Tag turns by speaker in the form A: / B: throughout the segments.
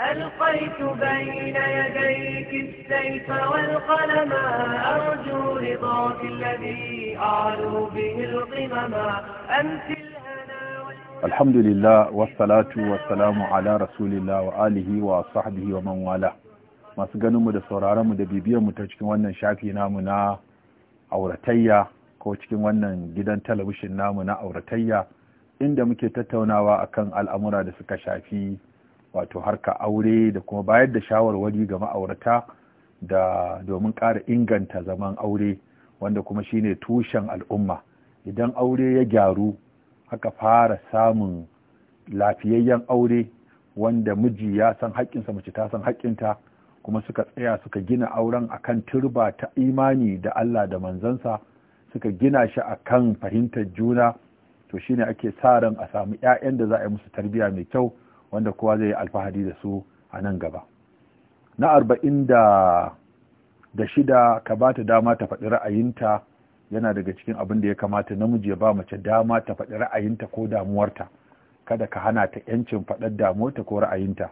A: ألقيت بين يديك السيف والقلم أرجو رضاك الذي أعلو به القمم أنت الحمد لله والصلاة والسلام على رسول الله وآله وصحبه ومن والاه masu ganinmu da sauraronmu da bibiyarmu ta cikin wannan shafi namu na auratayya ko cikin wannan gidan talabishin namu na auratayya inda muke tattaunawa akan al'amura da suka shafi wato harka aure da kuma bayar da shawarwari ga ma'aurata da domin ƙara inganta zaman aure wanda kuma shine tushen al'umma idan aure ya gyaru aka fara samun lafiyayyen aure wanda miji ya san haƙƙinsa mace ta san haƙƙinta kuma suka tsaya suka gina auren akan turba ta imani da Allah da manzansa suka gina shi akan fahimtar juna to shine ake sa ran a samu 'ya'yan da za a yi musu tarbiyya mai kyau wanda kowa zai yi alfahari da su a nan gaba na arba'in da da shida ka ba ta dama ta faɗi ra'ayinta yana daga cikin abin da ya kamata namiji ya ba mace dama ta faɗi ra'ayinta ko damuwarta kada ka hana ta yancin faɗar damuwarta ko ra'ayinta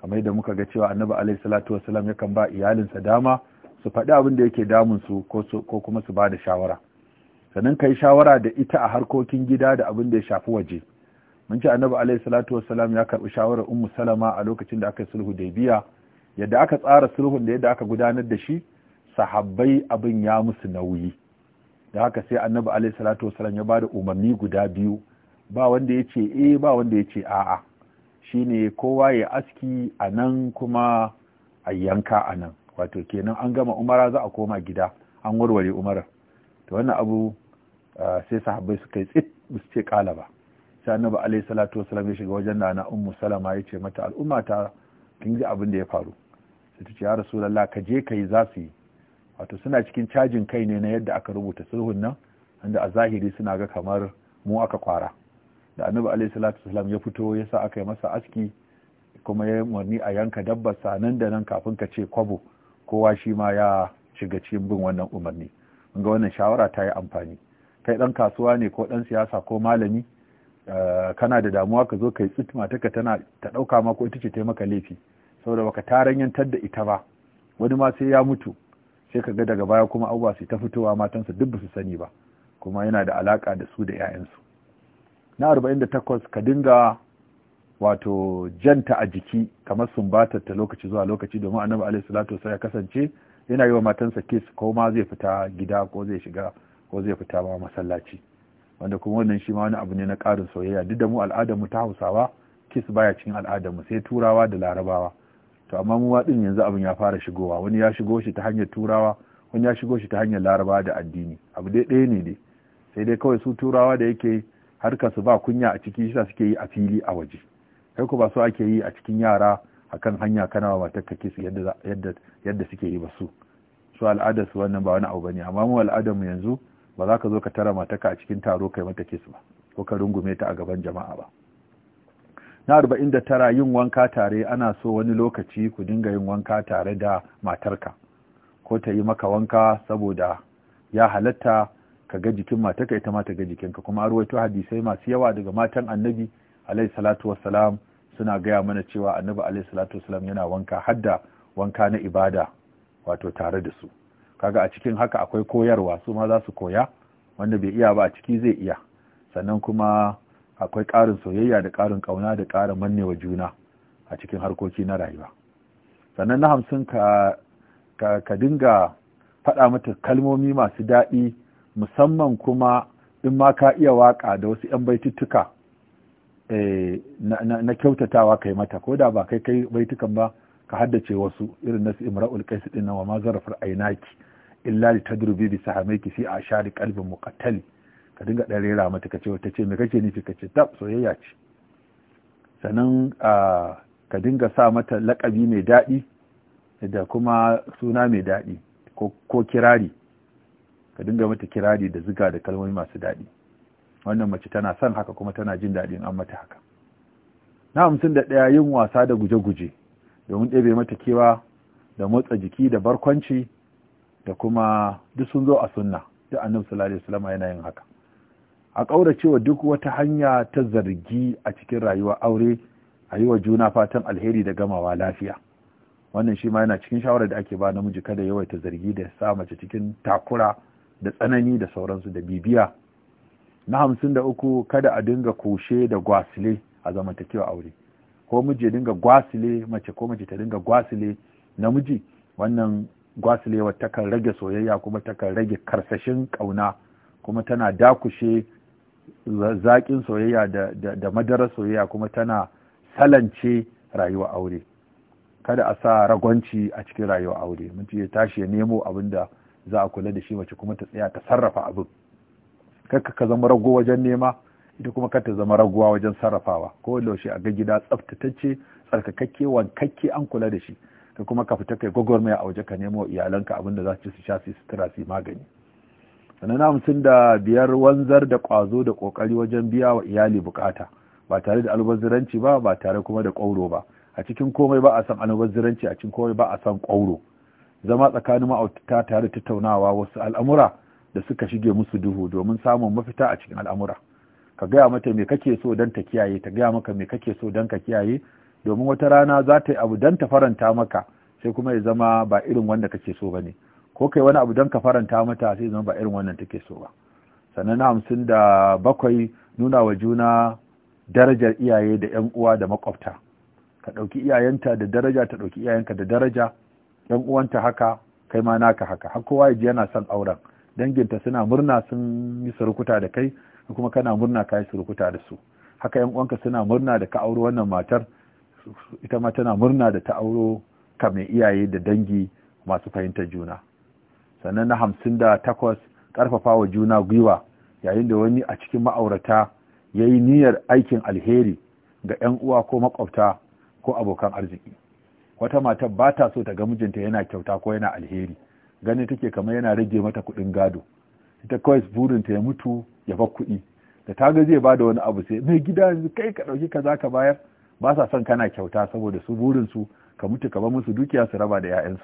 A: kamar da muka ga cewa annabi alaihi salatu wasalam yakan ba iyalinsa dama su faɗi abin da yake damun su ko kuma su ba da shawara sannan ka shawara da ita a harkokin gida da abin da ya shafi waje mun ci annabi alayhi salatu ya karbi shawarar ummu salama a lokacin da aka yi sulhu biya yadda aka tsara sulhun da yadda aka gudanar da shi sahabbai abin ya musu nauyi da haka sai annabi alayhi salatu ba ya bada umarni guda biyu ba wanda ya ce eh ba wanda ya ce a'a shine kowa ya aski a nan kuma a yanka a nan wato kenan an gama umara za a koma gida an warware umara to wannan abu ah, sai sahabbai suka yi tsit su ce kala ba sai annabi salatu wasallam ya shiga wajen nana ummu salama ya ce mata al'umma ta kin ji abin da ya faru sai ta ce ya rasulullah ka je kai za su yi wato suna cikin cajin kai ne na yadda aka rubuta sulhun nan inda a zahiri suna ga kamar mu aka kwara da annabi alayhi salatu wasallam ya fito ya sa aka yi masa aski kuma ya umarni a yanka dabbar sa nan da nan kafin ka ce kwabo kowa shi ma ya shiga cikin bin wannan umarni ga wannan shawara ta yi amfani kai dan kasuwa ne ko dan siyasa ko malami Eh, kana da damuwa ka zo kai yi tsitma tana ta ɗauka ma ko ita ce taimaka laifi saboda baka taranyantar da ita ba wani ma sai ya mutu sai ka ga daga baya kuma abuwa su ta fitowa matansa duk ba su sani ba kuma yana da alaka da su da 'ya'yansu na arba'in da 48 ka dinga wato janta a jiki kamar sumbatar ta lokaci zuwa lokaci domin annabi alaihi salatu ya kasance yana yi wa matansa kiss ko ma zai fita gida ko zai shiga ko zai fita ma masallaci wanda kuma wannan shi ma wani abu ne na ƙarin soyayya duk da mu al'adar mu ta Hausawa kis baya cikin al'adar mu sai Turawa da Larabawa to amma mu din yanzu abin ya fara shigowa wani ya shigo shi ta hanyar Turawa wani ya shigo shi ta hanyar Larabawa da addini abu dai ɗaya ne dai sai dai kawai su Turawa da yake harkar su ba kunya a ciki shi suke yi a fili a waje kai ku ba so ake yi a cikin yara akan hanya kana wa matarka yadda yadda yadda suke yi ba su su al'adar su wannan ba wani abu bane amma mu al'adar mu yanzu ba za ka zo ka tara mataka a cikin taro kai mata kis ba ko ka rungume ta a gaban jama'a ba na arba'in da tara yin wanka tare ana so wani lokaci ku dinga yin wanka tare da matarka ko ta yi maka wanka saboda ya halatta ka ga jikin matarka ita ma ta ga jikinka kuma a ruwaito hadisai masu yawa daga matan annabi alaihi salatu wassalam suna gaya mana cewa annabi alaihi salatu wassalam yana wanka hadda wanka na ibada wato tare da su kaga a cikin haka akwai koyarwa su ma za su koya wanda bai iya ba a ciki zai iya sannan kuma akwai ƙarin soyayya da ƙarin ƙauna da ƙarin mannewa juna a cikin harkoki na rayuwa sannan na hamsin ka ka, dinga faɗa mata kalmomi masu daɗi musamman kuma in ma ka iya waƙa da wasu 'yan baituttuka eh, na, kyautatawa kai mata ko da ba kai kai baitukan ba ka haddace wasu irin nasu imra'ul qais din wa ma zarafar ainaki illa li tadrubi bi sahamiki fi ashari qalbin muqattali ka dinga dare rera mata kace wata ce me kake nufi kace tab soyayya ce sannan ka dinga sa mata lakabi mai daɗi da kuma suna mai daɗi ko kirari ka dinga mata kirari da ziga da kalmomi masu daɗi wannan mace tana son haka kuma tana jin daɗin an mata haka na hamsin da ɗaya yin wasa da guje-guje domin ɗebe mata kewa da motsa jiki da barkwanci da kuma duk sun zo a sunna duk annabi sallallahu alaihi wasallam yana yin haka a ƙaura cewa duk wata hanya ta zargi a cikin rayuwa aure a yi wa juna fatan alheri da gamawa lafiya wannan shi ma yana cikin shawarar da ake ba namiji kada yawaita zargi da sa mace cikin takura da tsanani da sauransu da bibiya na hamsin da uku kada a dinga kushe da gwasile a zamantakewa aure ko miji ya dinga gwasile mace ko mace ta dinga gwasile namiji wannan gwasilewa takan rage soyayya kuma takan rage karsashin ƙauna kuma tana dakushe zaƙin soyayya da, da, madarar soyayya kuma tana salance rayuwar aure kada a sa ragwanci a cikin rayuwar aure miji ya tashi ya nemo abin da za a kula da shi mace kuma ta tsaya ta sarrafa abin kai ka zama rago wajen nema ita kuma kar zama raguwa wajen sarrafawa ko yaushe a ga gida tsaftatacce tsarkakakke wankakke an kula da shi ka kuma ka fita kai gwagwarmaya a waje ka nemo iyalanka abinda za su ci su sha su sutura su magani sannan na hamsin da biyar wanzar da kwazo da kokari wajen biya wa iyali bukata ba tare da albaziranci ba ba tare kuma da kwauro ba a cikin komai ba a san albaziranci a cikin komai ba a san kwauro zama tsakanin ma'autata tare da tattaunawa wasu al'amura da suka shige musu duhu domin samun mafita a cikin al'amura ka gaya mata me kake so don ta kiyaye ta gaya maka me kake so dan ka kiyaye domin wata rana za ta yi abu don ta faranta maka sai kuma ya zama ba irin wanda kake so ba ne ko kai wani abu dan ka faranta mata sai zama ba irin wannan take so ba sannan na hamsin da bakwai nuna wa juna darajar iyaye da yan uwa da makwabta ka ɗauki iyayenta da daraja ta ɗauki iyayenka da daraja yan uwanta haka kai ma naka haka har kowa ya ji yana son auren danginta suna murna sun yi surukuta da kai kuma kana murna ka yi surukuta da su haka yan uwanka suna murna da ka auro wannan matar ita ma tana murna da ta auro ka mai iyaye da dangi masu fahimtar juna sannan na hamsin da takwas karfafa wa juna gwiwa yayin da wani a cikin ma'aurata ya yi niyyar aikin alheri ga 'yan uwa ko makwabta ko abokan arziki wata matar ba ta so ta ga mijinta yana kyauta ko yana alheri ganin take kamar yana rage mata kuɗin gado ita kawai burinta ya mutu ya bar kuɗi da ta ga zai ba da wani abu sai mai gida yanzu kai ka ɗauki ka za ka bayar ba sa son kana kyauta saboda su burin su ka mutu ka bar musu dukiya su raba da 'ya'yansu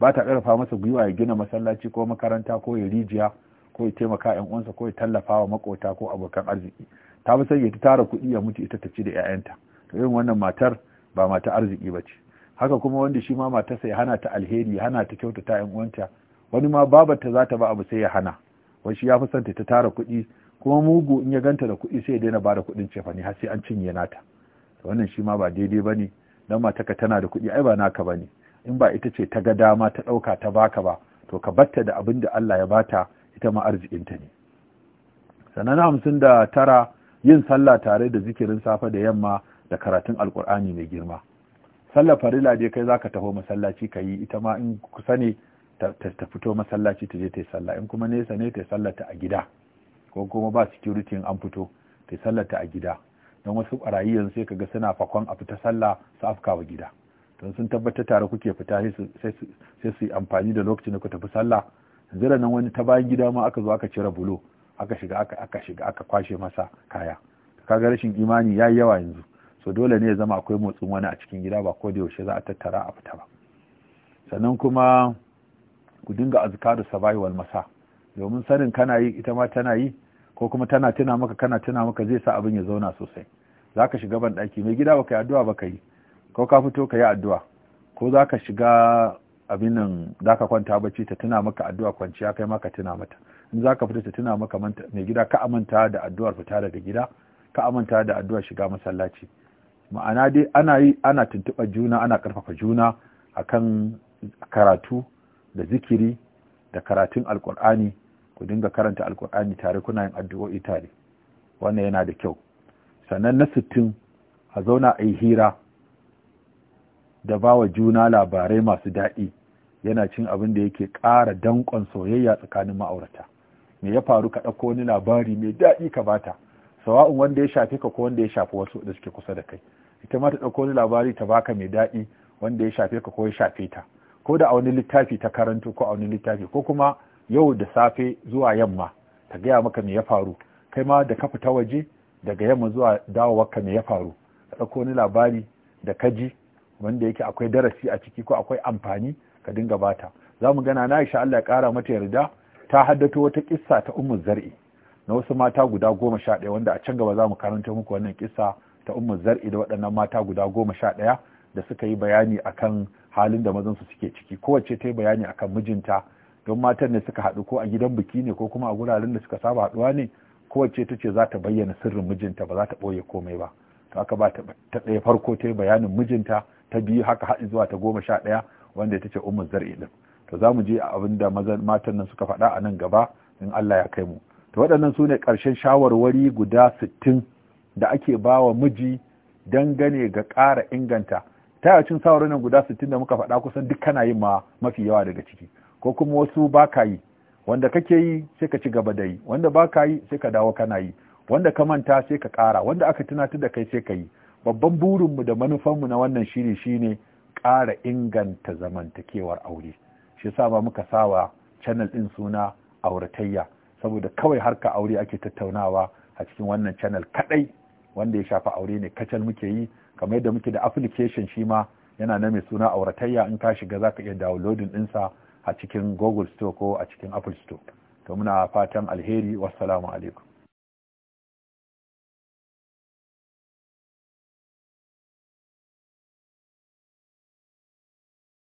A: ba ta ƙarfa masa gwiwa ya gina masallaci ko makaranta ko ya rijiya ko ya taimaka 'yan uwansa ko ya tallafa wa makota ko abokan arziki ta fi sanya ta tara kuɗi ya mutu ita ta ci da 'ya'yanta to irin wannan matar ba mata arziki ba ce haka kuma wanda shi ma matarsa ya hana ta alheri ya hana ta kyautata 'yan uwanta wani ma babarta za ta ba abu sai ya hana wai shi ya fi santa ta tara kuɗi kuma mugu in ya ganta da kuɗi sai ya daina bada kuɗin cefane har sai an cinye nata wannan shi ma ba daidai ba ne don mataka tana da kuɗi ai ba naka ba ne in ba ita ce ta ga dama ta ɗauka ta baka ba to ka batta da abin da Allah ya bata ita ma arzikinta ne sannan hamsin da tara yin sallah tare da zikirin safe da yamma da karatun alkur'ani mai girma sallar farila dai kai zaka taho masallaci ka yi ita ma in kusa ne ta fito masallaci ta je ta yi sallah in kuma nesa ne ta yi sallata a gida ko kuma ba security an fito ta yi sallata a gida don wasu ɓarayi yanzu sai kaga suna fakon a fita sallah su afka wa gida don sun tabbatar tare kuke fita sai su yi amfani da lokacin da ku tafi sallah yanzu nan wani ta bayan gida ma aka zo aka cire bulo aka shiga aka aka shiga aka kwashe masa kaya kaga rashin imani yayi yawa yanzu so dole ne ya zama akwai motsin wani a cikin gida ba ko da yaushe za a tattara a fita ba sannan kuma ku dinga azkaru sabai wal masa domin sanin kana yi ita ma tana yi ko kuma tana tuna maka kana tuna maka zai sa abin ya zauna sosai zaka shiga ban daki mai gida baka yi addu'a baka yi ko ka fito ka yi addu'a ko zaka shiga abin nan zaka kwanta bacci ta tuna maka addu'a kwanciya kai ma ka tuna mata in zaka fita ta tuna maka mai gida ka amanta da addu'ar fita daga gida ka amanta da addu'ar shiga masallaci ma'ana dai ana yi ana tuntuɓar juna ana ƙarfafa juna akan karatu da zikiri da karatun alkur'ani ku dinga karanta alkur'ani tare kuna yin addu'o'i tare wannan yana da kyau sannan na sittin a zauna a yi hira da ba wa juna labarai masu daɗi yana cin abin da yake ƙara danƙon soyayya tsakanin ma'aurata me ya faru ka ɗauko wani labari mai daɗi ka bata sawa'un wanda ya shafi ka ko wanda ya shafi wasu da suke kusa da kai ita ma ta ɗauko wani labari ta baka mai daɗi wanda ya shafe ka ko ya shafe ta ko da a wani littafi ta karanto ko a wani littafi ko kuma yau da safe zuwa yamma ta gaya maka me ya faru kai ma da ka fita waje daga yamma zuwa dawowarka me ya faru ka ɗauko wani labari da ka ji wanda yake akwai darasi a ciki ko akwai amfani ka dinga bata za mu gana na Aisha Allah ya ƙara mata yarda ta haddato wata kissa ta Ummu Zar'i na wasu mata guda goma sha ɗaya wanda a can gaba za mu karanta muku wannan kissa ta Ummu Zar'i da waɗannan mata guda goma sha ɗaya da suka yi bayani akan halin da mazan su suke ciki kowace ta yi bayani akan mijinta don matan ne suka haɗu ko a gidan biki ne ko kuma a guraren da suka saba haɗuwa ne kowace ta ce za ta bayyana sirrin mijinta ba za ta ɓoye komai ba to aka ba ta ɗaya farko ta yi bayanin mijinta ta biyu haka haɗi zuwa ta goma sha ɗaya wanda ita ce umar zar'i ɗin to za mu je a abin da matan nan suka faɗa a nan gaba in Allah ya kai mu to waɗannan su ne ƙarshen shawarwari guda sittin da ake ba wa miji dangane ga ƙara inganta ta cin sauran nan guda 60 da muka faɗa kusan duk kana yi ma mafi yawa daga ciki ko kuma wasu ba ka yi wanda kake yi sai ka ci gaba da yi wanda ba ka yi sai ka dawo kana yi wanda ka manta sai ka ƙara wanda aka tunatar da kai sai ka yi babban burinmu da manufanmu na wannan shiri shine ƙara inganta zamantakewar aure shi yasa ba muka sawa channel ɗin suna auratayya saboda kawai harka aure ake tattaunawa a cikin wannan channel kaɗai wanda ya shafi aure ne kacal muke yi kamar yadda muke da application shi ma yana na mai suna auratayya in ka shiga za ka iya downloading ɗinsa a cikin google store ko a cikin apple store to muna fatan alheri wassalamu alaikum